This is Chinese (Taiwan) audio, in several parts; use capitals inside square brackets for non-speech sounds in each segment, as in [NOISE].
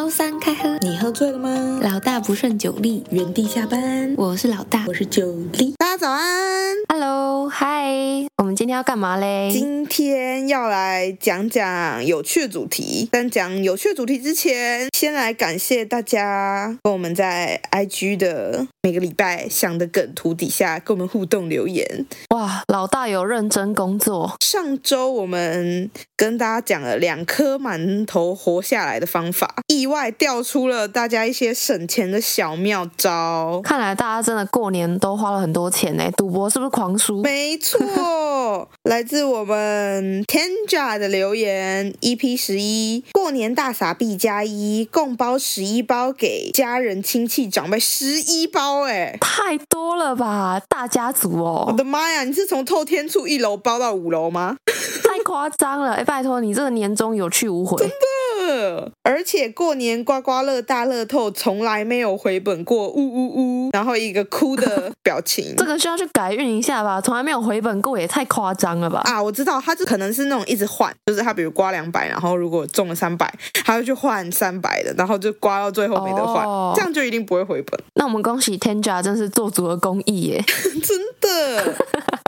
高三開喝，你喝醉了嗎？老大不勝酒力，原地下班。我是老大，我是酒力。大家早安，Hello，Hi。我們今天要幹嘛嘞？今天要來講講有趣的主題。但講有趣的主題之前，先來感謝大家跟我們在 IG 的每個禮拜想的梗圖底下跟我們互動留言。哇，老大有認真工作。上周我們跟大家講了兩顆饅頭活下來的方法，意外掉出了大家一些省錢的小妙招。看來大家真的過年都花了很多錢呢。賭博是不是狂輸？沒錯。 [LAUGHS] 哦，來自我們 Tendra 的留言，EP 十一過年大傻 B 加一，共包十一包給家人親戚長輩，十一包哎、欸，太多了吧，大家族哦，我的媽呀，你是從透天厝一樓包到五樓嗎？ [LAUGHS] 誇張了哎、欸！拜託你這個年終有去無回，真的！而且過年刮刮樂大樂透從來沒有回本過，嗚嗚嗚！然後一個哭的表情， [LAUGHS] 這個需要去改運一下吧？從來沒有回本過也太誇張了吧？啊，我知道，他可能是那種一直換，就是他比如刮兩百，然後如果中了三百，他就去換三百的，然後就刮到最後沒得換，哦，這樣就一定不會回本。那我們恭喜 t a n 真是做足了公益耶！ [LAUGHS] 真的。 [LAUGHS]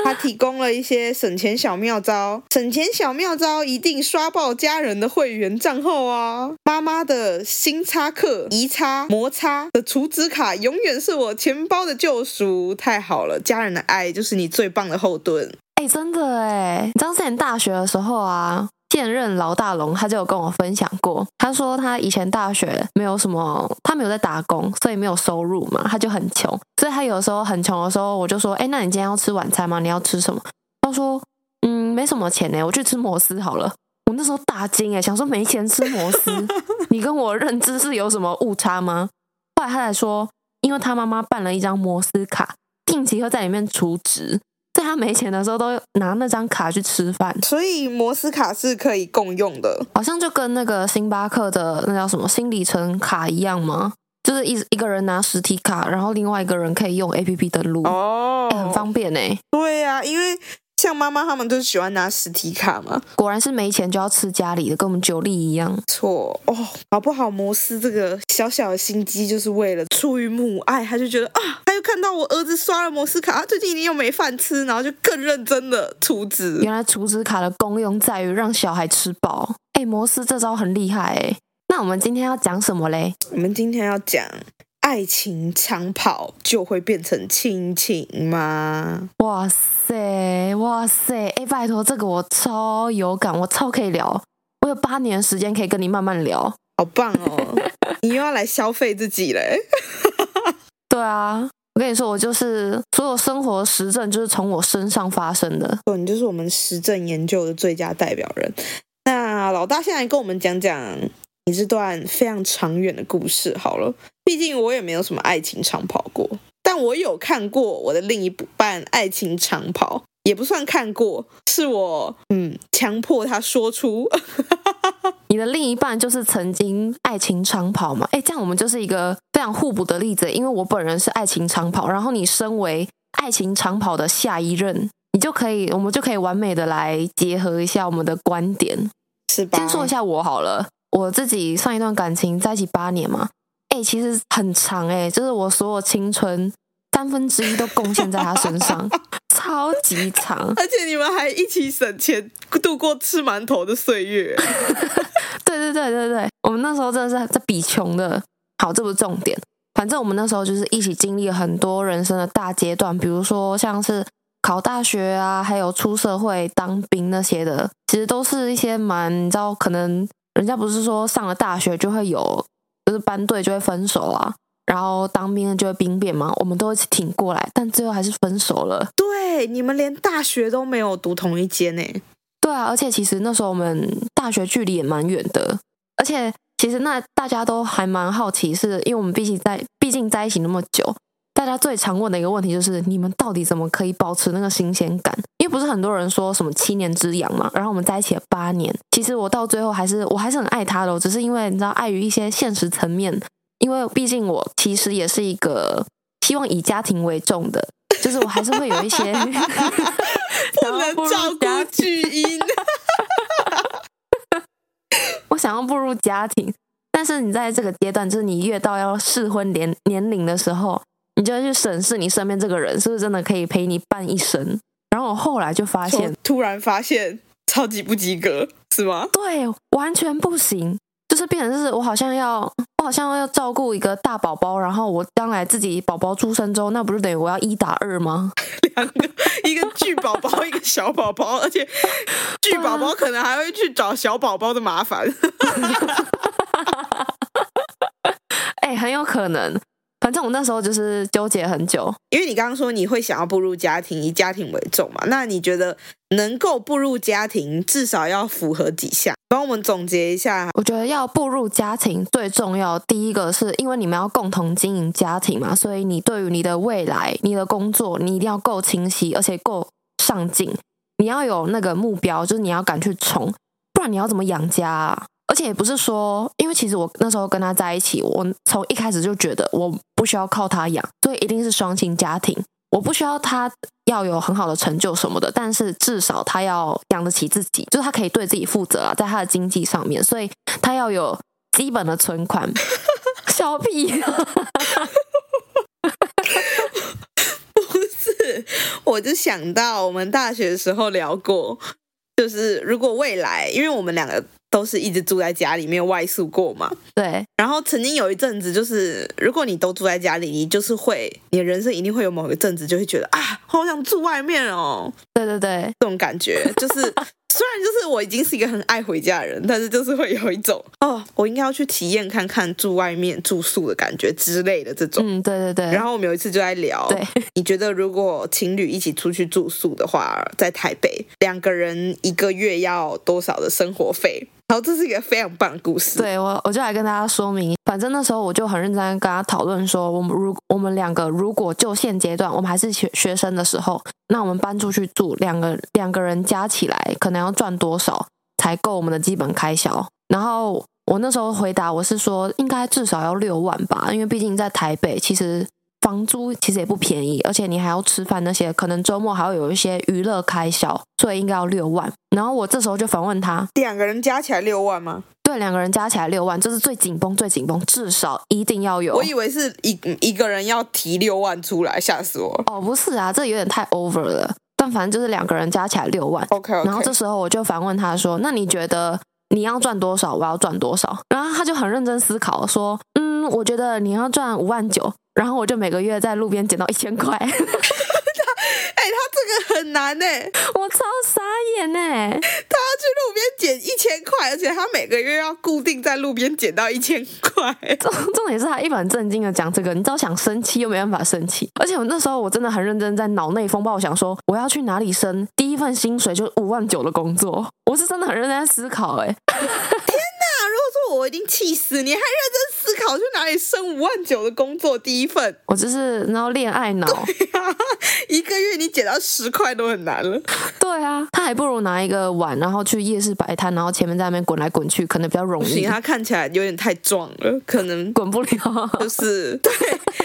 [LAUGHS] 他提供了一些省錢小妙招，省錢小妙招，一定刷爆家人的會員賬戶啊！媽媽的星巴克、移叉、摩擦的儲值卡，永遠是我錢包的救贖。太好了，家人的愛就是你最棒的後盾。哎、欸，真的哎，你知道在你大學的時候啊。現任老大龍，他就有跟我分享過，他說他以前大學沒有什麼，他沒有在打工，所以沒有收入嘛，他就很窮。所以他有時候很窮的時候，我就說，哎、欸，那你今天要吃晚餐嗎？你要吃什麼？他說，嗯，沒什麼錢呢，我去吃摩斯好了。我那時候大驚誒，想說沒錢吃摩斯，你跟我認知是有什麼誤差嗎？後來他才說，因為他媽媽辦了一張摩斯卡，定期會在裡面儲值。他沒錢的時候都拿那張卡去吃飯，所以摩斯卡是可以共用的，好像就跟那個星巴克的那叫什麼星禮程卡一樣嗎？就是一一個人拿實體卡，然後另外一個人可以用 APP 登錄，哦、oh, 欸，很方便呢、欸。對呀、啊，因為。像媽媽他們都是喜歡拿實體卡嘛，果然是沒錢就要吃家裡的，跟我們 Jolie 一樣。錯哦，搞不好摩斯這個小小的心機就是為了出於母愛，他就覺得啊，他又看到我兒子刷了摩斯卡，他最近一定又沒飯吃，然後就更認真的儲值。原來儲值卡的功用在於讓小孩吃飽。哎、欸，摩斯這招很厲害哎、欸。那我們今天要講什麼嘞？我們今天要講。愛情長跑就會變成親情嗎？哇塞，哇塞！哎、欸，拜托，這個我超有感，我超可以聊。我有八年時間可以跟你慢慢聊，好棒哦！ [LAUGHS] 你又要來消費自己嘞？ [LAUGHS] 對啊，我跟你說，我就是所有生活的實證，就是從我身上發生的。哦，你就是我們實證研究的最佳代表人。那老大，現在跟我們講講。你這段非常長遠的故事，好了，畢竟我也沒有什麼愛情長跑過，但我有看過我的另一半愛情長跑，也不算看過，是我嗯強迫他說出， [LAUGHS] 你的另一半就是曾經愛情長跑嘛？誒，這樣我們就是一個非常互補的例子，因為我本人是愛情長跑，然後你身為愛情長跑的下一任，你就可以，我們就可以完美的來結合一下我們的觀點，是吧？先說一下我好了。我自己上一段感情在一起八年嘛，哎、欸，其實很長哎、欸，就是我所有青春三分之一都貢獻在他身上， [LAUGHS] 超級長。而且你們還一起省錢度過吃饅頭的歲月。 [LAUGHS] [LAUGHS] 對對對對對，我們那時候真的是在比窮的。好，這不是重點，反正我們那時候就是一起經歷了很多人生的大階段，比如說像是考大學啊，還有出社會當兵那些的，其實都是一些蠻，你知道，可能人家不是說上了大學就會有，就是班對就會分手啊，然後當兵的就會兵變嘛，我們都一起挺過來，但最後還是分手了。對，你們連大學都沒有讀同一間呢。對啊，而且其實那時候我們大學距離也蠻遠的，而且其實那大家都還蠻好奇是，是因為我們畢竟在，畢竟在一起那麼久，大家最常問的一個問題就是，你們到底怎麼可以保持那個新鮮感？不是很多人說什麼七年之癢嘛？然後我們在一起了八年，其實我到最後還是我還是很愛他的，只是因為你知道，礙於一些現實層面，因為畢竟我其實也是一個希望以家庭為重的，就是我還是會有一些 [LAUGHS] [LAUGHS] [LAUGHS] 想。不能照顧巨嬰。 [LAUGHS] [LAUGHS] 我想要步入家庭，但是你在這個階段，就是你越到要適婚年年齡的時候，你就要去審視你身邊這個人是不是真的可以陪你伴一生。然後我後來就發現，突然發現超級不及格是嗎？對，完全不行，就是變成是我好像要，我好像要照顧一個大寶寶，然後我將來自己寶寶出生之後，那不是等於我要一打二嗎？兩個，一個巨寶寶， [LAUGHS] 一個小寶寶，而且巨寶寶、啊、可能還會去找小寶寶的麻煩。哎、 [LAUGHS] [LAUGHS] 欸，很有可能。反正我那時候就是糾結很久，因為你剛剛說你會想要步入家庭，以家庭為重嘛。那你覺得能夠步入家庭，至少要符合幾項？幫我們總結一下。我覺得要步入家庭最重要，第一個是因為你們要共同經營家庭嘛，所以你對於你的未來、你的工作，你一定要夠清晰，而且夠上進。你要有那個目標，就是你要敢去衝，不然你要怎麼養家啊？而且也不是說，因為其實我那時候跟他在一起，我從一開始就覺得我不需要靠他養，所以一定是雙親家庭。我不需要他要有很好的成就什麼的，但是至少他要養得起自己，就是他可以對自己負責啊，在他的經濟上面，所以他要有基本的存款。笑屁皮的！ [LAUGHS] [LAUGHS] 不是，我就想到我們大學的時候聊過，就是如果未來，因為我們兩個。都是一直住在家裡，沒有外宿過嘛？對。然後曾經有一陣子，就是如果你都住在家裡，你就是會，你的人生一定會有某一陣子，就會覺得啊，好想住外面哦。對對對，這種感覺就是， [LAUGHS] 雖然就是我已經是一個很愛回家的人，但是就是會有一種哦，我應該要去體驗看看住外面住宿的感覺之類的這種。嗯，對對對。然後我們有一次就在聊，對，你覺得如果情侶一起出去住宿的話，在台北兩個人一個月要多少的生活費？然後這是一個非常棒的故事。對，我，我就來跟大家說明。反正那時候我就很認真跟他討論說，我們如我們兩個如果就現階段，我們還是學學生的時候，那我們搬出去住，兩個兩個人加起來可能要賺多少才夠我們的基本開銷。然後我那時候回答我是說，應該至少要六萬吧，因為畢竟在台北，其實。房租其實也不便宜，而且你還要吃飯那些，可能周末還要有一些娛樂開銷，所以應該要六萬。然後我這時候就反問他，兩個人加起來六萬嗎？對，兩個人加起來六萬，這是最緊繃最緊繃，至少一定要有。我以為是一一個人要提六萬出來，嚇死我！哦，不是啊，這有點太 over 了。但反正就是兩個人加起來六萬。OK，okay。然後這時候我就反問他說，那你覺得？你要賺多少，我要賺多少。然後他就很認真思考，說，嗯，我覺得你要賺五萬九，然後我就每個月在路邊撿到一千塊。 [LAUGHS] 哎、欸，他這個很難哎、欸，我超傻眼哎、欸！他要去路邊撿一千塊，而且他每個月要固定在路邊撿到一千塊。重重點是他一本正經的講這個，你知道想生氣又沒辦法生氣。而且我那時候我真的很認真在腦內風暴，想說我要去哪裡生，第一份薪水就是五萬九的工作，我是真的很認真在思考哎、欸。天哪！如果說我，我一定氣死你，還認真。思考去哪裡生五萬九的工作第一份。我就是，然後戀愛腦、啊。一個月你撿到十塊都很難了。對啊，他還不如拿一個碗，然後去夜市擺攤，然後前面在那邊滾來滾去，可能比較容易。他看起來有點太壯了，可能 [LAUGHS] 滾不了。不、就是，對，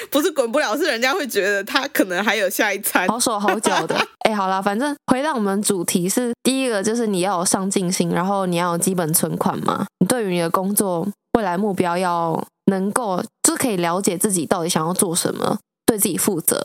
不是滾不了， [LAUGHS] 是人家會覺得他可能還有下一餐。好手好腳的。哎， [LAUGHS] 好啦，反正回到我們主題是，是第一個就是你要有上進心，然後你要有基本存款嘛。你對於你的工作。未來目標要能夠就是可以了解自己到底想要做什麼，對自己負責。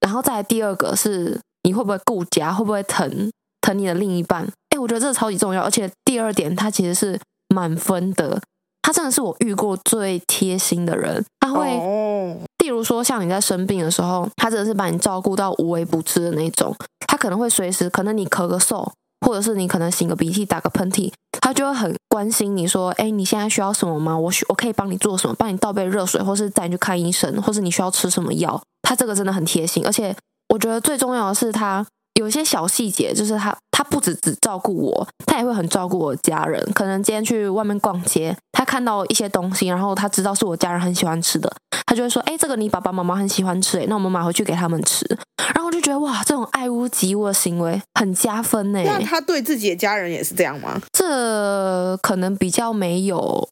然後再來第二個是你會不會顧家，會不會疼疼你的另一半？誒，我覺得這個超級重要。而且第二點，他其實是滿分的，他真的是我遇過最貼心的人。他會，哦，例如說像你在生病的時候，他真的是把你照顧到無微不至的那種。他可能會隨時，可能你咳個嗽，或者是你可能擤個鼻涕、打個噴嚏。他就會很關心你說，哎，你現在需要什麼嗎？我我可以幫你做什麼？幫你倒杯熱水，或是帶你去看醫生，或是你需要吃什麼藥？他這個真的很貼心，而且我覺得最重要的是他，有些小細節，就是他他不止只，只照顧我，他也會很照顧我的家人。可能今天去外面逛街，他看到一些東西，然後他知道是我家人很喜歡吃的，他就會說：“哎、欸，這個你爸爸媽媽很喜歡吃、欸，哎，那我們買回去給他們吃。”然後我就覺得哇，這種愛屋及烏的行為很加分哎、欸，那他對自己的家人也是這樣嗎？這可能比較沒有。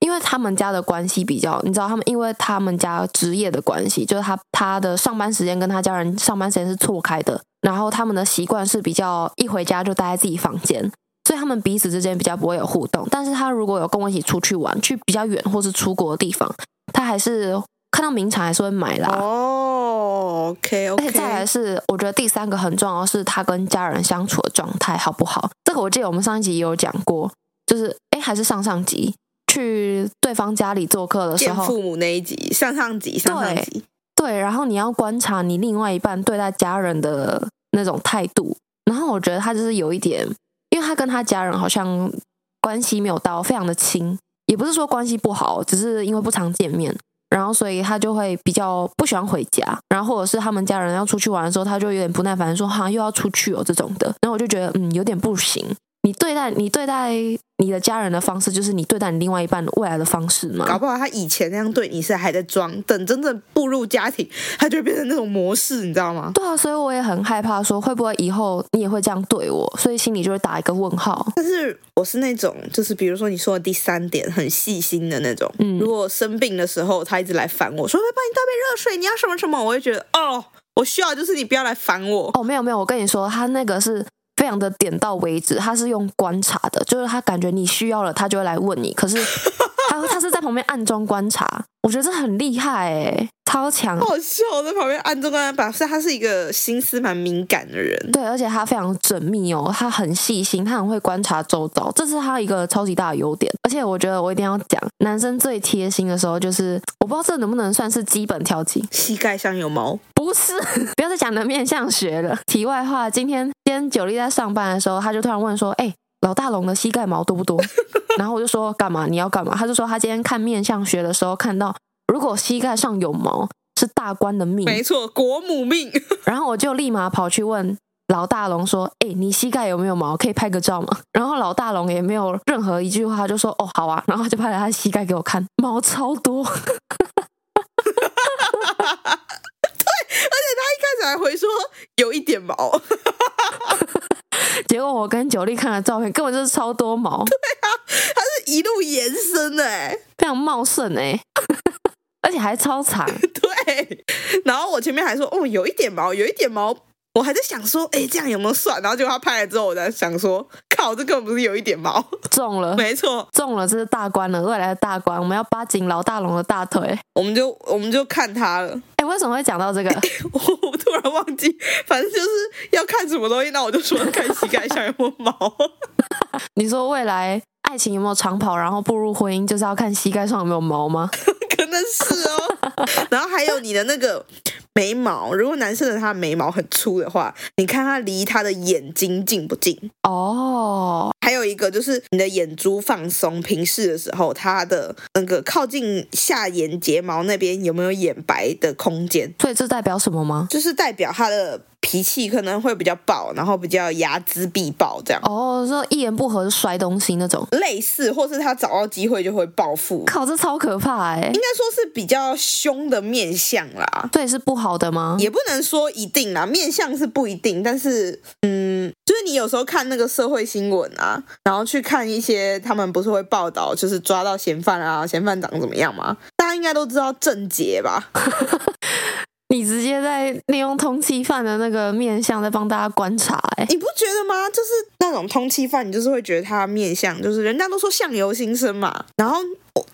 因為他們家的關係比較，你知道，他們因為他們家職業的關係，就是他他的上班時間跟他家人上班時間是錯開的，然後他們的習慣是比較一回家就待在自己房間，所以他們彼此之間比較不會有互動。但是他如果有跟我一起出去玩，去比較遠或是出國的地方，他還是看到名產還是會買啦。哦、oh，OK OK。哎，再來是，我覺得第三個很重要是他跟家人相處的狀態好不好？這個我記得我們上一集也有講過，就是哎，還是上上集。去對方家裡做客的時候，父母那一集、上上集，上上集。對，對，然後你要觀察你另外一半對待家人的那種態度。然後我覺得他就是有一點，因為他跟他家人好像關係沒有到非常的親，也不是說關係不好，只是因為不常見面，然後所以他就會比較不喜歡回家。然後或者是他們家人要出去玩的時候，他就有點不耐煩，說哈，又要出去哦，哦，這種的。然後我就覺得嗯，有點不行。你對待你對待你的家人的方式，就是你對待你另外一半的未來的方式嗎？搞不好他以前那樣對你是還在裝，等真正步入家庭，他就會變成那種模式，你知道嗎？對啊，所以我也很害怕，說會不會以後你也會這樣對我，所以心裡就會打一個問號。但是我是那種，就是比如說你說的第三點，很細心的那種。嗯，如果生病的時候他一直來煩我說，我幫你倒杯熱水，你要什麼什麼，我會覺得哦，我需要的就是你不要來煩我。哦，沒有沒有，我跟你說，他那個是。講的點到為止，他是用觀察的，就是他感覺你需要了，他就會來問你。可是他他是在旁邊暗中觀察。我覺得這很厲害哎、欸，超強！好笑，我在旁邊按這個，表示他是一個心思蠻敏感的人。對，而且他非常縝密哦，他很細心，他很會觀察周到。這是他一個超級大的優點。而且我覺得我一定要講，男生最貼心的時候就是，我不知道這能不能算是基本條件？膝蓋上有毛？不是， [LAUGHS] 不要再講的面相學了。題外話，今天今天九莉在上班的時候，他就突然問說：“哎、欸。”老大龍的膝蓋毛多不多？然後我就說幹嘛？你要幹嘛？他就說他今天看面相學的時候看到，如果膝蓋上有毛，是大官的命，沒錯，國母命。然後我就立馬跑去問老大龍說：“哎、欸，你膝蓋有沒有毛？可以拍個照嗎？”然後老大龍也沒有任何一句話，他就說：“哦，好啊。”然後他就拍了他的膝蓋給我看，毛超多， [LAUGHS] [LAUGHS] 對，而且他一開始還回說有一點毛。 [LAUGHS] 結果我跟九力看了照片，根本就是超多毛。對啊，它是一路延伸的，哎，非常茂盛，哎， [LAUGHS] 而且還超長。對，然後我前面還說，哦，有一點毛，有一點毛，我還在想說，哎，這樣有沒有算？然後結果他拍了之後，我在想說，靠，這根本不是有一點毛，中了，沒錯，中了，這是大官了，未來的大官，我們要八緊老大龍的大腿，我們就我們就看他了。為什麼會講到這個、欸我，我突然忘記，反正就是要看什麼東西，那我就說看膝蓋上有毛。 [LAUGHS] [LAUGHS] 你說未來？愛情有沒有長跑？然後步入婚姻就是要看膝蓋上有沒有毛嗎？可能是哦。 [LAUGHS] 然後還有你的那個眉毛，如果男生的他的眉毛很粗的話，你看他離他的眼睛近不近？哦、oh.。還有一個就是你的眼珠放鬆平視的時候，他的那個靠近下眼睫毛那邊有沒有眼白的空間？所以這代表什麼嗎？就是代表他的。脾氣可能會比較暴，然後比較睚眦必報這樣。哦，說一言不合就摔東西那種。類似，或是他找到機會就會報復。靠，這超可怕哎、欸。應該說是比較兇的面相啦。這也是不好的嗎？也不能說一定啦，面相是不一定。但是，嗯，就是你有時候看那個社會新聞啊，然後去看一些他們不是會報道，就是抓到嫌犯啊，嫌犯長怎麼樣嗎？大家應該都知道鄭捷吧？ [LAUGHS] 你直接在利用通緝犯的那個面相在幫大家觀察，欸，哎，你不覺得嗎？就是那種通緝犯，你就是會覺得他面相，就是人家都說相由心生嘛。然後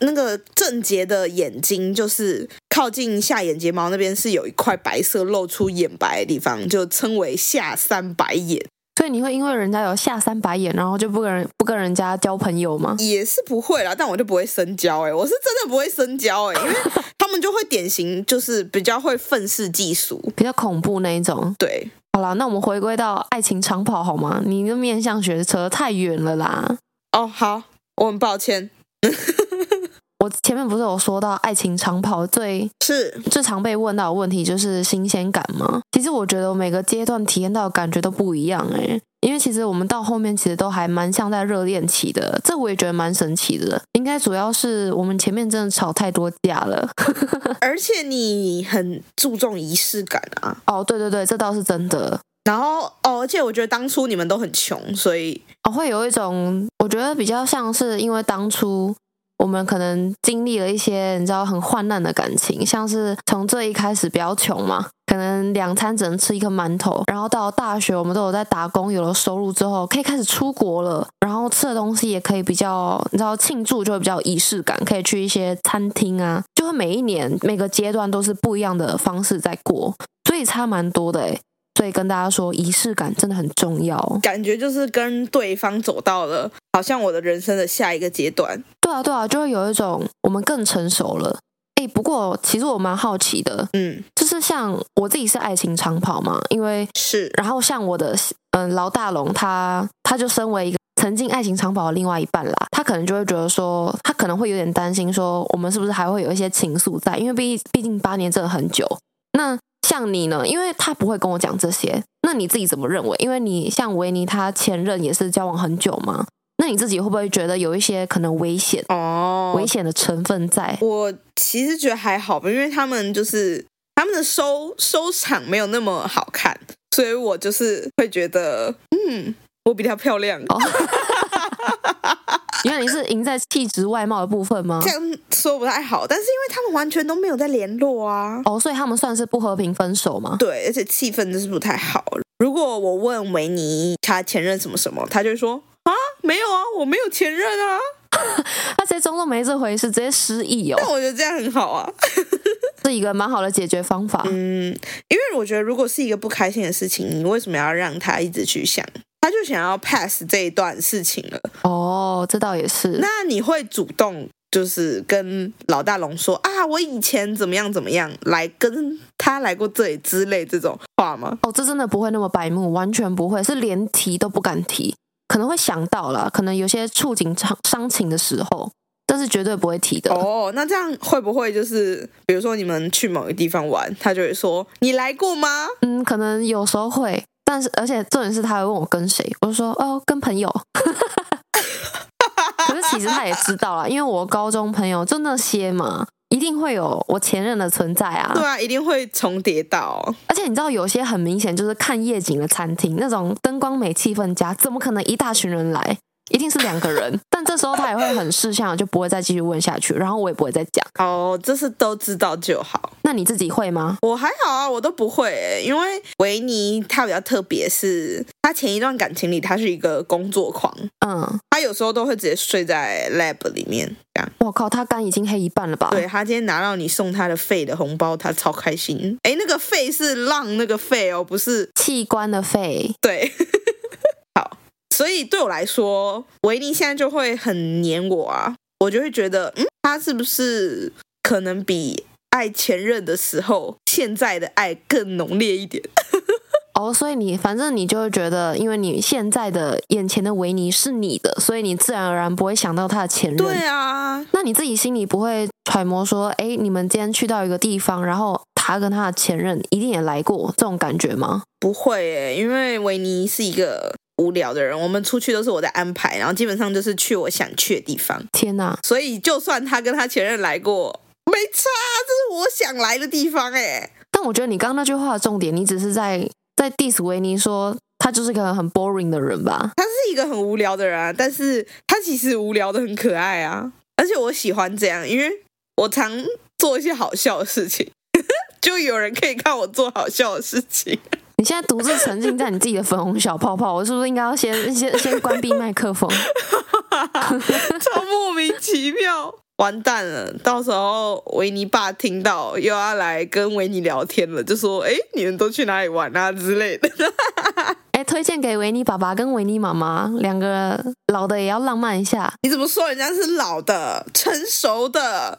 那個鄭潔的眼睛，就是靠近下眼睫毛那邊是有一塊白色露出眼白的地方，就稱為下三白眼。所以你會因為人家有下三白眼，然後就不跟人，不跟人家交朋友嗎？也是不會啦，但我就不會深交誒、欸，我是真的不會深交誒、欸，因為他們就會典型就是比較會憤世嫉俗， [LAUGHS] 比較恐怖那一種。對，好啦，那我們回歸到愛情長跑好嗎？你的面相學車太遠了啦。哦、oh，好，我很抱歉。 [LAUGHS] 我前面不是有說到愛情長跑最是最常被問到的問題就是新鮮感嗎？其實我覺得我每個階段體驗到的感覺都不一樣哎、欸，因為其實我們到後面其實都還蠻像在熱戀期的，這我也覺得蠻神奇的。應該主要是我們前面真的吵太多架了， [LAUGHS] 而且你很注重儀式感啊。哦，對對對，這倒是真的。然後哦，而且我覺得當初你們都很窮，所以我、哦、會有一種我覺得比較像是因為當初。我們可能經歷了一些，你知道很患難的感情，像是從這一開始比較窮嘛，可能兩餐只能吃一個饅頭，然後到大學我們都有在打工，有了收入之後可以開始出國了，然後吃的東西也可以比較，你知道慶祝就會比較有儀式感，可以去一些餐廳啊，就會每一年每個階段都是不一樣的方式在過，所以差蠻多的誒、欸。所以跟大家說，儀式感真的很重要。感覺就是跟對方走到了，好像我的人生的下一個階段。對啊，對啊，就會有一種我們更成熟了。哎，不過其實我蠻好奇的，嗯，就是像我自己是愛情長跑嘛，因為是，然後像我的嗯老、呃、大龍他，他他就身為一個曾經愛情長跑的另外一半啦，他可能就會覺得說，他可能會有點擔心說，我們是不是還會有一些情愫在，因為畢畢竟八年真的很久。那像你呢，因為他不會跟我講這些，那你自己怎麼認為？因為你像維尼，他前任也是交往很久嘛。那你自己會不會覺得有一些可能危險哦，危險的成分在？我其實覺得還好吧，因為他們就是他們的收收場沒有那麼好看，所以我就是會覺得，嗯，我比他漂亮。哦 [LAUGHS] 你看你是贏在氣質外貌的部分嗎？這樣說不太好，但是因為他們完全都沒有在聯絡啊，哦，所以他們算是不和平分手嗎？對，而且氣氛就是不太好。如果我問維尼他前任什麼什麼，他就會說啊，沒有啊，我沒有前任啊， [LAUGHS] 他直接總共沒這回事，直接失憶哦。那我覺得這樣很好啊， [LAUGHS] 是一個蠻好的解決方法。嗯，因為我覺得如果是一個不開心的事情，你為什麼要讓他一直去想？他就想要 pass 這一段事情了。哦，這倒也是。那你會主動就是跟老大龍說啊，我以前怎麼樣怎麼樣，來跟他來過這裡之類這種話嗎？哦，這真的不會那麼白目，完全不會，是連提都不敢提。可能會想到了，可能有些觸景傷情的時候，但是絕對不會提的。哦，那這樣會不會就是，比如說你們去某一個地方玩，他就會說你來過嗎？嗯，可能有時候會。但是，而且重點是他會問我跟誰，我就說哦跟朋友。 [LAUGHS] 可是其實他也知道了，因為我高中朋友就那些嘛，一定會有我前任的存在啊。對啊，一定會重疊到。而且你知道有些很明顯就是看夜景的餐廳，那種燈光美、氣氛佳，怎麼可能一大群人來？一定是兩個人， [LAUGHS] 但這時候他也會很識相， [LAUGHS] 就不會再繼續問下去，然後我也不會再講。哦，這是都知道就好。那你自己會嗎？我還好啊，我都不會，因為維尼他比較特別，是他前一段感情裡他是一個工作狂，嗯，他有時候都會直接睡在 lab 裡面。這樣，我靠，他肝已經黑一半了吧？對，他今天拿到你送他的肺的紅包，他超開心。哎，那個肺是浪那個肺哦，不是器官的肺。對。所以對我來說，維尼現在就會很黏我啊，我就會覺得，嗯，他是不是可能比愛前任的時候，現在的愛更濃烈一點？哦 [LAUGHS] ，Oh，所以你反正你就會覺得，因為你現在的眼前的維尼是你的，所以你自然而然不會想到他的前任。對啊，那你自己心裡不會揣摩說，哎，你們今天去到一個地方，然後他跟他的前任一定也來過這種感覺嗎？不會誒，因為維尼是一個。無聊的人，我們出去都是我在安排，然後基本上就是去我想去的地方。天哪！所以就算他跟他前任來過，沒差，啊，這是我想來的地方哎、欸。但我覺得你剛剛那句話的重點，你只是在在 diss 維尼，說他就是一個很 boring 的人吧？他是一個很無聊的人，啊，但是他其實無聊得很可愛啊，而且我喜歡這樣，因為我常做一些好笑的事情， [LAUGHS] 就有人可以看我做好笑的事情。你現在獨自沉浸在你自己的粉紅小泡泡，我是不是應該要先先先關閉麥克風？超莫名其妙，完蛋了！到時候維尼爸聽到又要來跟維尼聊天了，就說：“哎，你們都去哪裡玩啊？”之類的。哎，推薦給維尼爸爸跟維尼媽媽兩個老的也要浪漫一下。你怎麼說人家是老的、成熟的？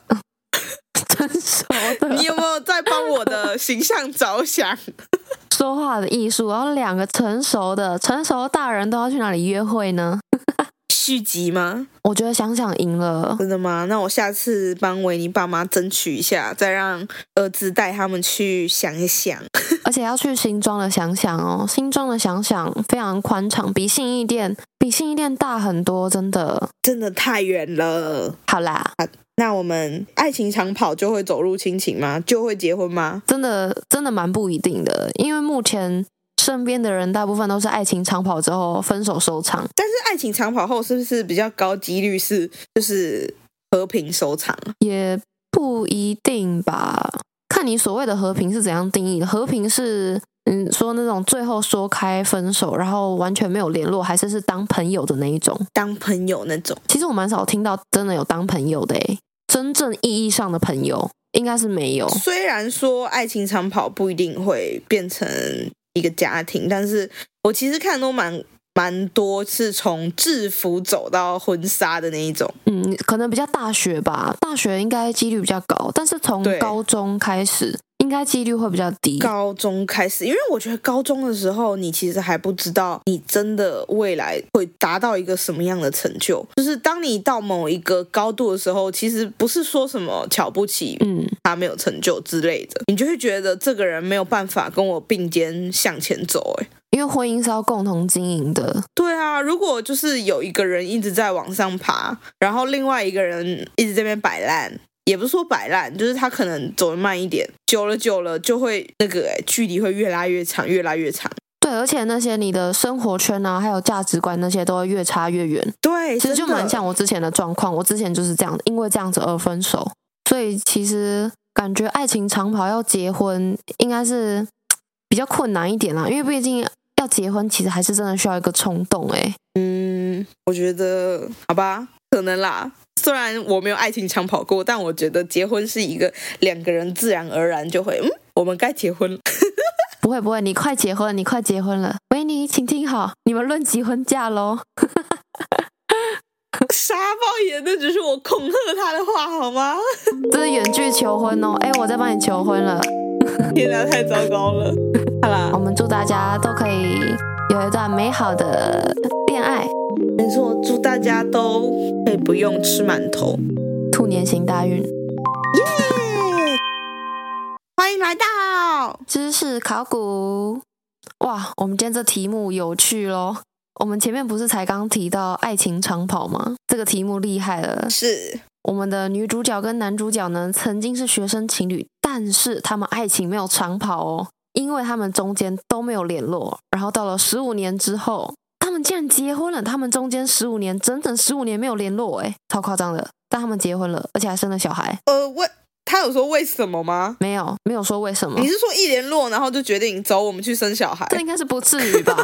成熟的？你有沒有在幫我的形象着想？ [LAUGHS] 說話的藝術，然後兩個成熟的成熟的大人都要去哪裡約會呢？聚集嗎？我覺得想想贏了，真的嗎？那我下次幫維尼爸媽爭取一下，再讓兒子帶他們去想一想， [LAUGHS] 而且要去新莊的想想哦，新莊的想想非常寬敞，比信義店比信義店大很多，真的真的太遠了。好啦、啊，那我們愛情長跑就會走入親情嗎？就會結婚嗎？真的真的蠻不一定的，因為目前。身邊的人大部分都是愛情長跑之後分手收場，但是愛情長跑後是不是比較高幾率是就是和平收場？也不一定吧，看你所謂的和平是怎樣定義的。和平是嗯，說那種最後說開分手，然後完全沒有聯絡，還是是當朋友的那一種？當朋友那種？其實我蠻少聽到真的有當朋友的誒，真正意義上的朋友應該是沒有。雖然說愛情長跑不一定會變成。一個家庭，但是我其實看都蠻蠻多次，從制服走到婚紗的那一種，嗯，可能比較大學吧，大學應該幾率比較高，但是從高中開始。應該幾率會比較低。高中開始，因為我覺得高中的時候，你其實還不知道你真的未來會達到一個什麼樣的成就。就是當你到某一個高度的時候，其實不是說什麼瞧不起，嗯，他沒有成就之類的，你就會覺得這個人沒有辦法跟我並肩向前走、欸。誒，因為婚姻是要共同經營的。對啊，如果就是有一個人一直在往上爬，然後另外一個人一直在這邊擺爛。也不是說擺爛，就是他可能走得慢一點，久了久了就會那個、欸、距離會越拉越長，越拉越長。對，而且那些你的生活圈啊，還有價值觀那些，都會越差越遠。對，其實就蠻像我之前的狀況的，我之前就是這樣，因為這樣子而分手。所以其實感覺愛情長跑要結婚，應該是比較困難一點啦，因為畢竟要結婚，其實還是真的需要一個衝動誒、欸，嗯，我覺得好吧，可能啦。雖然我沒有愛情長跑過，但我覺得結婚是一個兩個人自然而然就會，嗯，我們該結婚了。 [LAUGHS] 不會不會，你快結婚，你快結婚了。維尼，請聽好，你們論及婚嫁嘍。沙 [LAUGHS] 暴耶，那只是我恐嚇他的話好嗎？ [LAUGHS] 這是遠距求婚哦。哎，我在幫你求婚了。 [LAUGHS] 天哪，太糟糕了。好啦，我們祝大家都可以。有一段美好的戀愛，沒錯。祝大家都可以不用吃饅頭，兔年行大運！耶、yeah! [LAUGHS] 歡迎來到知識考古。哇，我們今天這題目有趣嘍。我們前面不是才剛提到愛情長跑嗎？這個題目厲害了。是我們的女主角跟男主角呢，曾經是學生情侶，但是他們愛情沒有長跑哦。因為他們中間都沒有聯絡，然後到了十五年之後，他們竟然結婚了。他們中間十五年整整十五年沒有聯絡、欸，哎，超誇張的。但他們結婚了，而且還生了小孩。呃，為他有說為什麼嗎？沒有，沒有說為什麼。你是說一聯絡，然後就決定走我們去生小孩？這應該是不至於吧？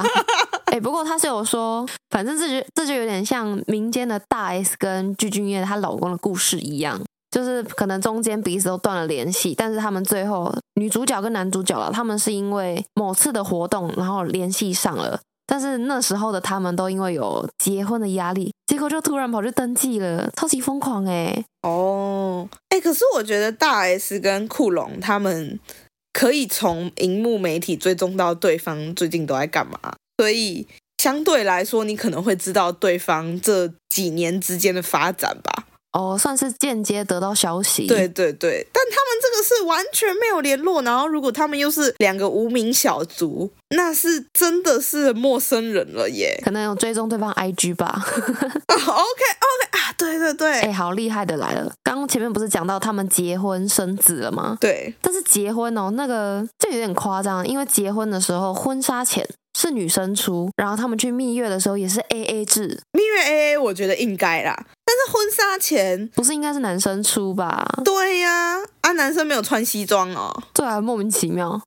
哎、 [LAUGHS] 欸，不過他是有說，反正這就這就有點像民間的大 S 跟具俊曄她老公的故事一樣。就是可能中間彼此都斷了聯繫，但是他們最後女主角跟男主角啦，他們是因為某次的活動然後聯繫上了，但是那時候的他們都因為有結婚的壓力，結果就突然跑去登記了，超級瘋狂哎、欸！哦，哎、欸，可是我覺得大 S 跟酷龍他們可以從熒幕媒體追蹤到對方最近都在幹嘛，所以相對來說，你可能會知道對方這幾年之間的發展吧。哦、oh,，算是間接得到消息。對對對，但他們這個是完全沒有聯絡。然後，如果他們又是兩個無名小卒，那是真的是陌生人了耶。可能有追蹤對方 IG 吧。 [LAUGHS] oh, OK OK 啊、ah,，對對對，哎、欸，好厲害的來了。剛前面不是講到他們結婚生子了嗎？對，但是結婚哦，那個這有點誇張，因為結婚的時候婚紗錢是女生出，然後他們去蜜月的時候也是 AA 制。蜜月 AA，我覺得應該啦。婚紗錢不是應該是男生出吧？對呀，啊，啊，男生沒有穿西裝哦。對啊，莫名其妙啊！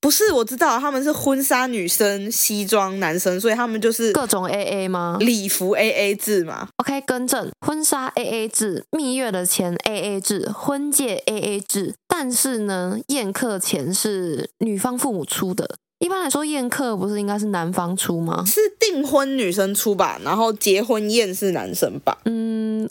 不是，我知道他們是婚紗女生西裝男生，所以他們就是各種 AA 嗎？禮服 AA 制嘛。OK，更正，婚紗 AA 制，蜜月的錢 AA 制，婚戒 AA 制，但是呢，宴客錢是女方父母出的。一般來說，宴客不是應該是男方出嗎？是訂婚女生出吧，然後結婚宴是男生吧。嗯，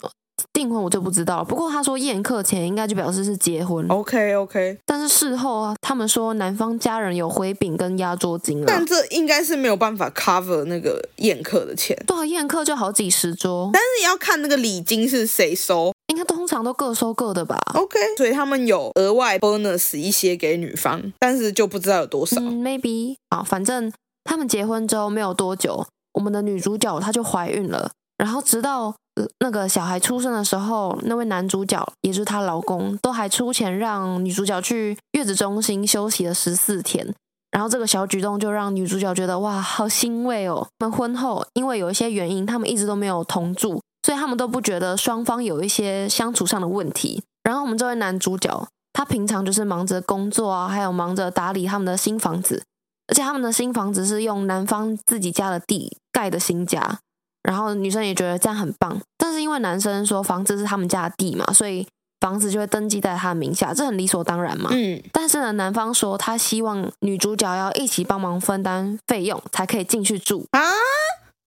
訂婚我就不知道了。不過他說宴客錢應該就表示是結婚。OK OK。但是事後啊，他們說男方家人有回餅跟壓桌金了，但這應該是沒有辦法 cover 那個宴客的錢。對，宴客就好幾十桌，但是也要看那個禮金是誰收。那通常都各收各的吧。OK，所以他們有額外 bonus 一些給女方，但是就不知道有多少。嗯，maybe 好，哦，反正他們結婚之後沒有多久，我們的女主角她就懷孕了。然後直到，呃，那個小孩出生的時候，那位男主角也就是她老公，都還出錢讓女主角去月子中心休息了十四天。然後這個小舉動就讓女主角覺得，哇，好欣慰哦。他們婚後，因為有一些原因，他們一直都沒有同住。所以他們都不覺得雙方有一些相處上的問題。然後我們這位男主角，他平常就是忙着工作啊，還有忙着打理他們的新房子。而且他們的新房子是用男方自己家的地蓋的新家。然後女生也覺得這樣很棒。但是因為男生說房子是他們家的地嘛，所以房子就會登記在他的名下，這很理所當然嘛。嗯。但是呢，男方說他希望女主角要一起幫忙分擔費用，才可以進去住啊。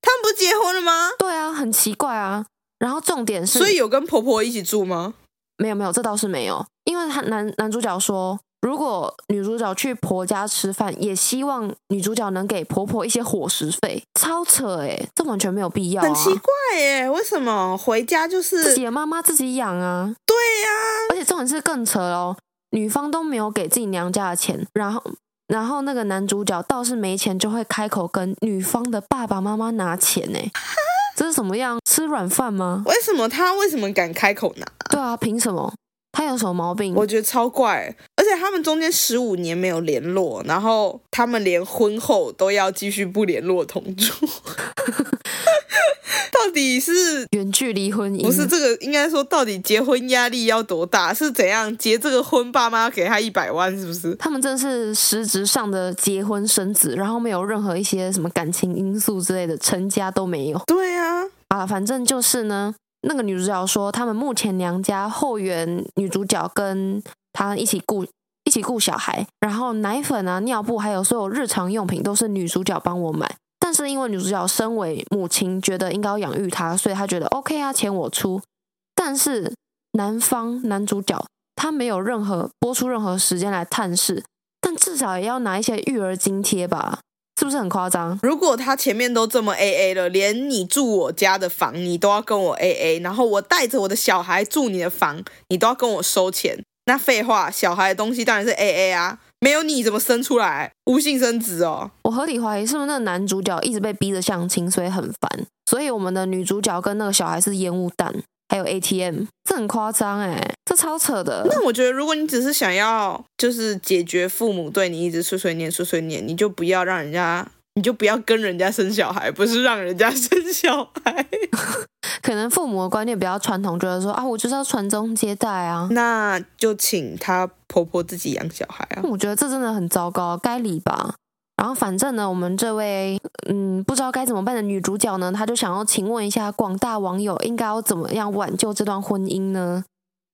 他們不結婚了嗎？對啊，很奇怪啊。然後重點是，所以有跟婆婆一起住嗎？沒有沒有，這倒是沒有。因為他男男主角說，如果女主角去婆家吃飯，也希望女主角能給婆婆一些伙食費。超扯哎、欸，這完全沒有必要、啊。很奇怪哎、欸，為什麼回家就是自己的媽媽自己養啊？對呀、啊，而且這種事更扯哦。女方都沒有給自己娘家的錢，然後。然後那個男主角倒是沒錢，就會開口跟女方的爸爸媽媽拿錢呢。這是什麼樣？吃軟飯嗎？為什麼他為什麼敢開口拿？對啊，憑什麼？他有什麼毛病？我覺得超怪，而且他們中間十五年沒有聯絡，然後他們連婚後都要繼續不聯絡同住， [LAUGHS] 到底是遠距離婚姻？不是這個，應該說到底結婚壓力要多大？是怎樣結這個婚？爸媽要給他一百萬，是不是？他們真是實質上的結婚生子，然後沒有任何一些什麼感情因素之類的，成家都沒有。對啊，啊，反正就是呢。那個女主角說，他們目前娘家後援女主角跟她一起顧、一起顧小孩，然後奶粉啊、尿布還有所有日常用品都是女主角幫我買。但是因為女主角身為母親，覺得應該要養育她，所以她覺得 OK 啊，錢我出。但是男方男主角他沒有任何撥出任何時間來探視，但至少也要拿一些育兒津貼吧。是不是很誇張？如果他前面都這麼 A A 了，連你住我家的房，你都要跟我 A A，然後我帶着我的小孩住你的房，你都要跟我收錢，那廢話，小孩的東西當然是 A A 啊。沒有你怎麼生出來？無性生殖哦！我合理懷疑是不是那個男主角一直被逼着相親，所以很煩，所以我們的女主角跟那個小孩是煙霧彈，還有 ATM，這很誇張哎，這超扯的。那我覺得，如果你只是想要就是解決父母對你一直碎碎念、碎碎念，你就不要讓人家。你就不要跟人家生小孩，不是讓人家生小孩。 [LAUGHS] [LAUGHS] 可能父母的觀念比較傳統，覺得說啊，我就是要傳宗接代啊。那就請她婆婆自己養小孩啊。我覺得這真的很糟糕，該離吧。然後，反正呢，我們這位嗯不知道該怎麼辦的女主角呢，她就想要請問一下廣大網友，應該要怎麼樣挽救這段婚姻呢？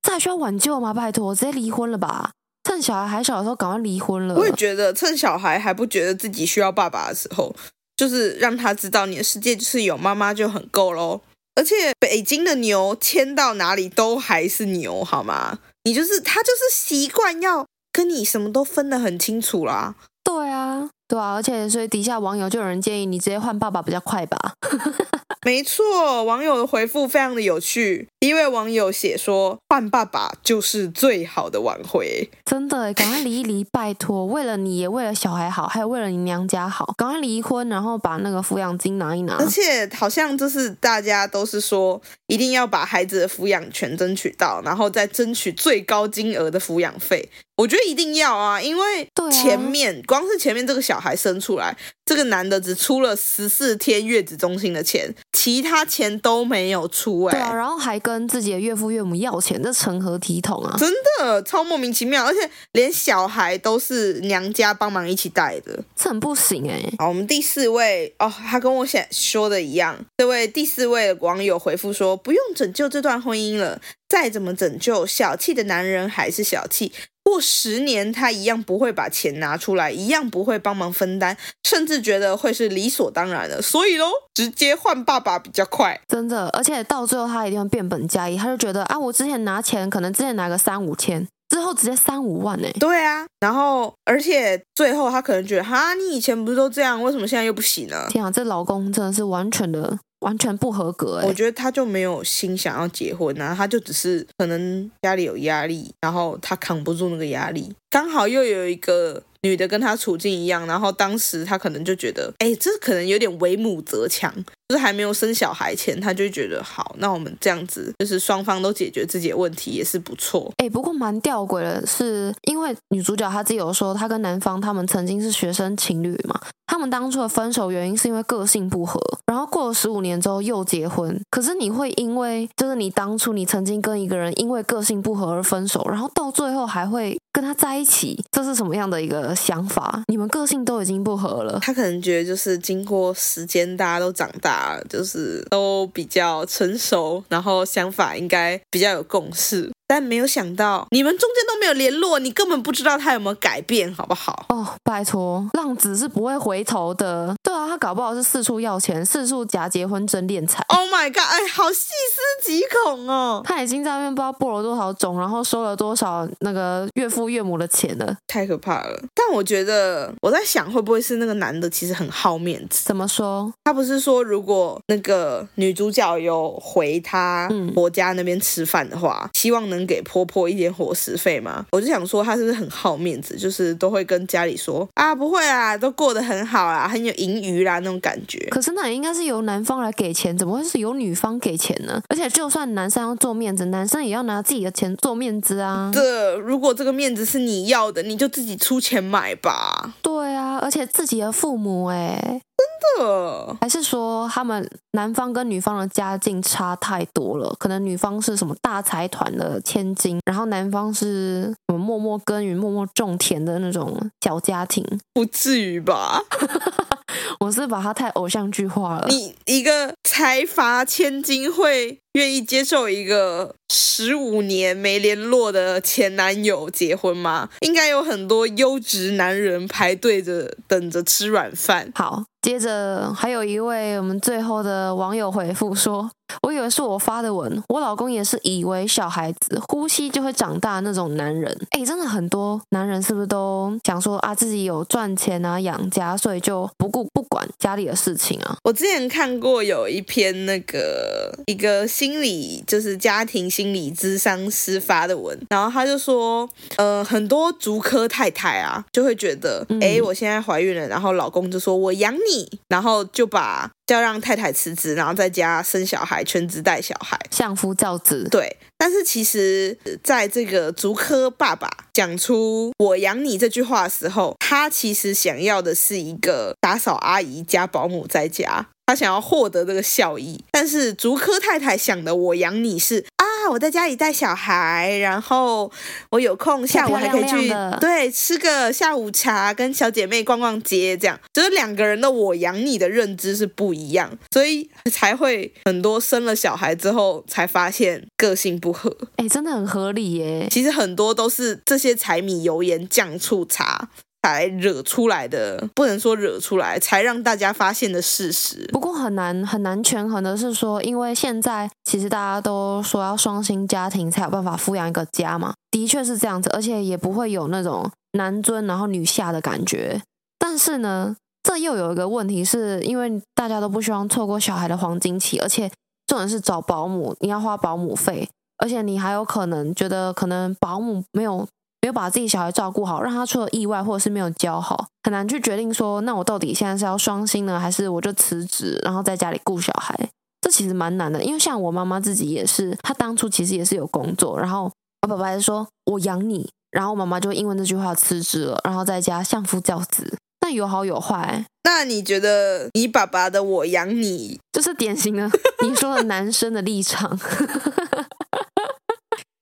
這還需要挽救嗎？拜託，直接離婚了吧。趁小孩還小的時候，趕快離婚了。我也覺得，趁小孩還不覺得自己需要爸爸的時候，就是讓他知道你的世界就是有媽媽就很夠嘍。而且北京的牛牽到哪裡都還是牛，好嗎？你就是，他，就是習慣要跟你什麼都分得很清楚啦。對啊。對啊，而且所以底下網友就有人建議你直接換爸爸比較快吧。 [LAUGHS] 沒錯，網友的回復非常的有趣。一位網友寫說：“換爸爸就是最好的挽回。”真的，趕快離一離，拜托，為了你也為了小孩好，還有為了你娘家好，趕快離婚，然後把那個撫養金拿一拿。而且好像就是大家都是說，一定要把孩子的撫養權爭取到，然後再爭取最高金額的撫養費。我覺得一定要啊，因為前面、啊、光是前面這個小孩生出來，這個男的只出了十四天月子中心的錢，其他錢都沒有出、欸，哎、啊，然後還跟自己的岳父岳母要錢，這成何體統啊？真的超莫名其妙，而且連小孩都是娘家幫忙一起帶的，這很不行哎、欸。好，我們第四位哦，他跟我想說的一樣，這位第四位的網友回覆說：“不用拯救這段婚姻了，再怎麼拯救，小氣的男人還是小氣。”過十年，他一樣不會把錢拿出來，一樣不會幫忙分擔，甚至覺得會是理所當然的。所以咯，直接換爸爸比較快，真的。而且到最後，他一定要變本加厲，他就覺得啊，我之前拿錢，可能之前拿個三五千，之後直接三五萬呢、欸。對啊，然後而且最後他可能覺得，哈，你以前不是都這樣，為什麼現在又不行了？天啊，這老公真的是完全的。完全不合格欸。我覺得他就沒有心想要結婚啊，然後他就只是可能家裡有壓力，然後他扛不住那個壓力，剛好又有一個女的跟他處境一樣，然後當時他可能就覺得，哎，這可能有點為母則強。就是還沒有生小孩前，他就會覺得好，那我們這樣子就是雙方都解決自己的問題也是不錯。哎、欸，不過蠻吊詭的，是因為女主角她自己有說，她跟男方他們曾經是學生情侶嘛，他們當初的分手原因是因為個性不合，然後過了十五年之後又結婚。可是你會因為就是你當初你曾經跟一個人因為個性不合而分手，然後到最後還會跟他在一起，這是什麼樣的一個想法？你們個性都已經不合了，他可能覺得就是經過時間，大家都長大。啊，就是都比較成熟，然後想法應該比較有共識。但沒有想到，你們中間都沒有聯絡，你根本不知道他有沒有改變，好不好？哦、oh，拜託，浪子是不會回頭的。對啊，他搞不好是四處要錢，四處假結婚真斂財。Oh my god，哎，好細思極恐哦！他已經在外面不知道播了多少種，然後收了多少那個岳父岳母的錢了，太可怕了。但我覺得我在想，會不會是那個男的其實很好面子？怎麼說？他不是說如果那個女主角有回他婆家那邊吃飯的話，嗯、希望能。能給婆婆一點伙食費嗎？我就想說，他是不是很好面子，就是都會跟家裡說啊，不會啊，都過得很好啦，很有盈餘啦那種感覺。可是那應該是由男方來給錢，怎麼會是由女方給錢呢？而且就算男生要做面子，男生也要拿自己的錢做面子啊。這，如果這個面子是你要的，你就自己出錢買吧。對啊，而且自己的父母欸。真的？還是說他們男方跟女方的家境差太多了？可能女方是什麼大財團的千金，然後男方是什麼默默耕耘、默默種田的那種小家庭？不至於吧？ [LAUGHS] 我是把他太偶像劇化了。你一個財閥千金會願意接受一個十五年沒聯絡的前男友結婚嗎？應該有很多優質男人排隊着等着吃軟飯。好。接着，還有一位我們最後的網友回復說。我以為是我發的文，我老公也是以為小孩子呼吸就會長大那種男人。哎，真的很多男人是不是都講說啊，自己有賺錢啊養家，所以就不顧不管家裡的事情啊？我之前看過有一篇那個一個心理，就是家庭心理諮商師發的文，然後他就說呃，很多足科太太啊就會覺得哎、嗯、我現在懷孕了，然後老公就說我養你，然後就把。就要讓太太辭職，然後在家生小孩，全職帶小孩，相夫教子。對，但是其實在這個竹科爸爸講出“我養你”這句話的時候，他其實想要的是一個打掃阿姨加保姆在家，他想要獲得這個效益。但是竹科太太想的“我養你”是。我在家裡帶小孩，然後我有空下午還可以去漂亮漂亮的。對，吃個下午茶，跟小姐妹逛逛街這樣。就是兩個人的我養你的認知是不一樣，所以才會很多生了小孩之後才發現個性不合。哎、欸，真的很合理耶、欸。其實很多都是這些柴米油鹽醬醋茶。才惹出來的，不能說惹出來，才讓大家發現的事實。不過很難很難權衡的是說，因為現在其實大家都說要雙薪家庭才有辦法撫養一個家嘛，的確是這樣子，而且也不會有那種男尊然後女下的感覺。但是呢，這又有一個問題是，是因為大家都不希望錯過小孩的黃金期，而且重點是找保姆，你要花保姆費，而且你還有可能覺得可能保姆沒有。沒有把自己小孩照顧好，讓他出了意外，或者是沒有教好，很難去決定說，那我到底現在是要雙薪呢，還是我就辭職，然後在家裡顧小孩？這其實蠻難的，因為像我媽媽自己也是，她當初其實也是有工作，然後我爸爸還說“我養你”，然後我媽媽就因為這句話辭職了，然後在家相夫教子。那有好有壞，那你覺得你爸爸的“我養你”就是典型的你說的男生的立場。 [LAUGHS]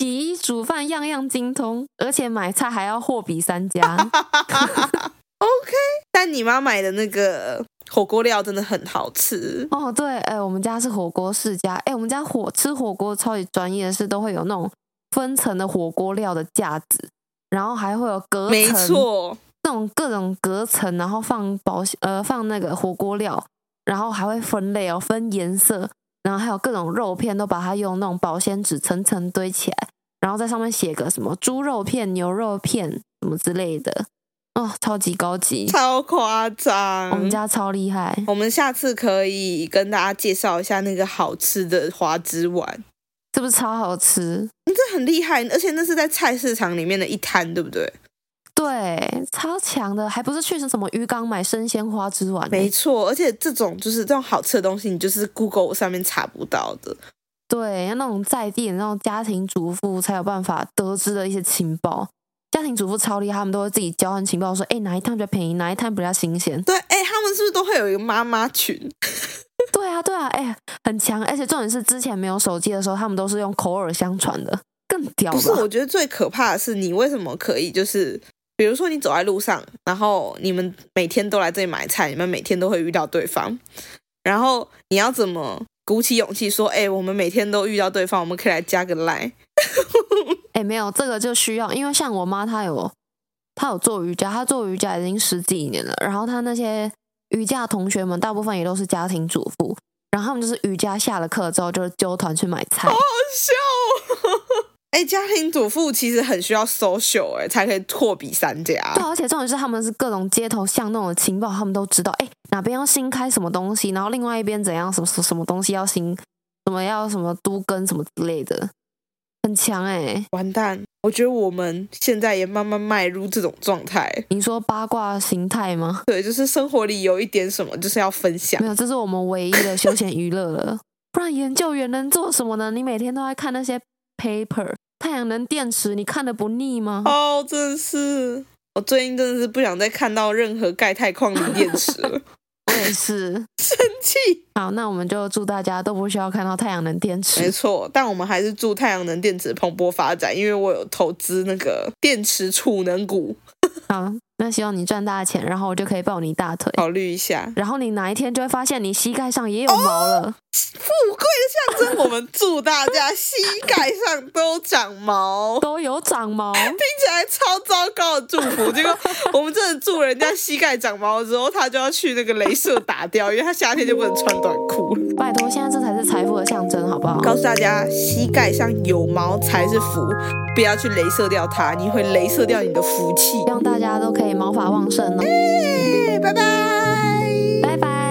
洗衣、煮飯樣樣精通，而且買菜還要貨比三家。 [LAUGHS] [LAUGHS] OK，但你媽買的那個火鍋料真的很好吃哦。對，哎，我們家是火鍋世家。哎，我們家火吃火鍋超級專業的是都會有那種分層的火鍋料的架子，然後還會有隔，沒錯，那種各種隔層，然後放保鮮呃放那個火鍋料，然後還會分類哦，分顏色，然後還有各種肉片，都把它用那種保鮮紙層層堆起來。然後在上面寫個什麼豬肉片、牛肉片什麼之類的，哦，超級高級，超誇張，我們家超厲害。我們下次可以跟大家介紹一下那個好吃的花枝丸，是不是超好吃？你這很厲害，而且那是在菜市場裡面的一攤，對不對？對，超強的，還不是去什麼魚缸買生鮮花枝丸，欸？沒錯，而且這種就是這種好吃的東西，你就是 Google 上面查不到的。對，要那種在地的那種家庭主婦才有辦法得知的一些情報。家庭主婦超厲害，他們都會自己交換情報，說，哎、欸，哪一趟比較便宜，哪一趟比較新鮮。對，哎、欸，他們是不是都會有一個媽媽群？ [LAUGHS] 對啊，對啊，哎、欸，很強。而且重點是，之前沒有手機的時候，他們都是用口耳相傳的，更屌。不是，我覺得最可怕的是，你為什麼可以，就是，比如說你走在路上，然後你們每天都來這裡買菜，你們每天都會遇到對方，然後你要怎麼？鼓起勇氣說：“哎、欸，我們每天都遇到對方，我們可以來加個 line 哎 [LAUGHS] 、欸，沒有這個就需要，因為像我媽她有，她有做瑜伽，她做瑜伽已經十幾年了。然後她那些瑜伽同學們，大部分也都是家庭主婦，然後他們就是瑜伽下了課之後，就是揪團去買菜，好好笑、哦。 [LAUGHS] 誒、欸，家庭主婦其實很需要 social 誒、欸，才可以貨比三家。對，而且重點是他們是各種街頭巷弄的情報，他們都知道誒、欸，哪邊要新開什麼東西，然後另外一邊怎樣，什麼什麼東西要新，什麼要什麼都跟什麼之類的，很強哎、欸。完蛋，我覺得我們現在也慢慢邁入這種狀態。你說八卦的心態嗎？對，就是生活裡有一點什麼，就是要分享。沒有，這是我們唯一的休閒娛樂了。 [LAUGHS] 不然研究員能做什麼呢？你每天都在看那些。paper，太陽能電池，你看得不膩嗎？哦、oh,，真是，我最近真的是不想再看到任何蓋太礦電池了。 [LAUGHS] 我也是，生氣。好，那我們就祝大家都不需要看到太陽能電池。沒錯，但我們還是祝太陽能電池蓬勃發展，因為我有投資那個電池儲能股。啊那希望你賺大錢，然後我就可以抱你大腿，考慮一下。然後你哪一天就會發現你膝蓋上也有毛了。哦，富貴的象徵，我們祝大家膝蓋上都長毛，都有長毛，聽起來超糟糕的祝福。結果我們真的祝人家膝蓋長毛之後，他就要去那個鐳射打掉，因為他夏天就不能穿短褲了。拜託，現在這才是財富的象徵，好不好？告訴大家，膝蓋上有毛才是福，不要去鐳射掉它，你會鐳射掉你的福氣。讓大家都可以。毛髮旺盛了哦，欸，拜拜，拜拜。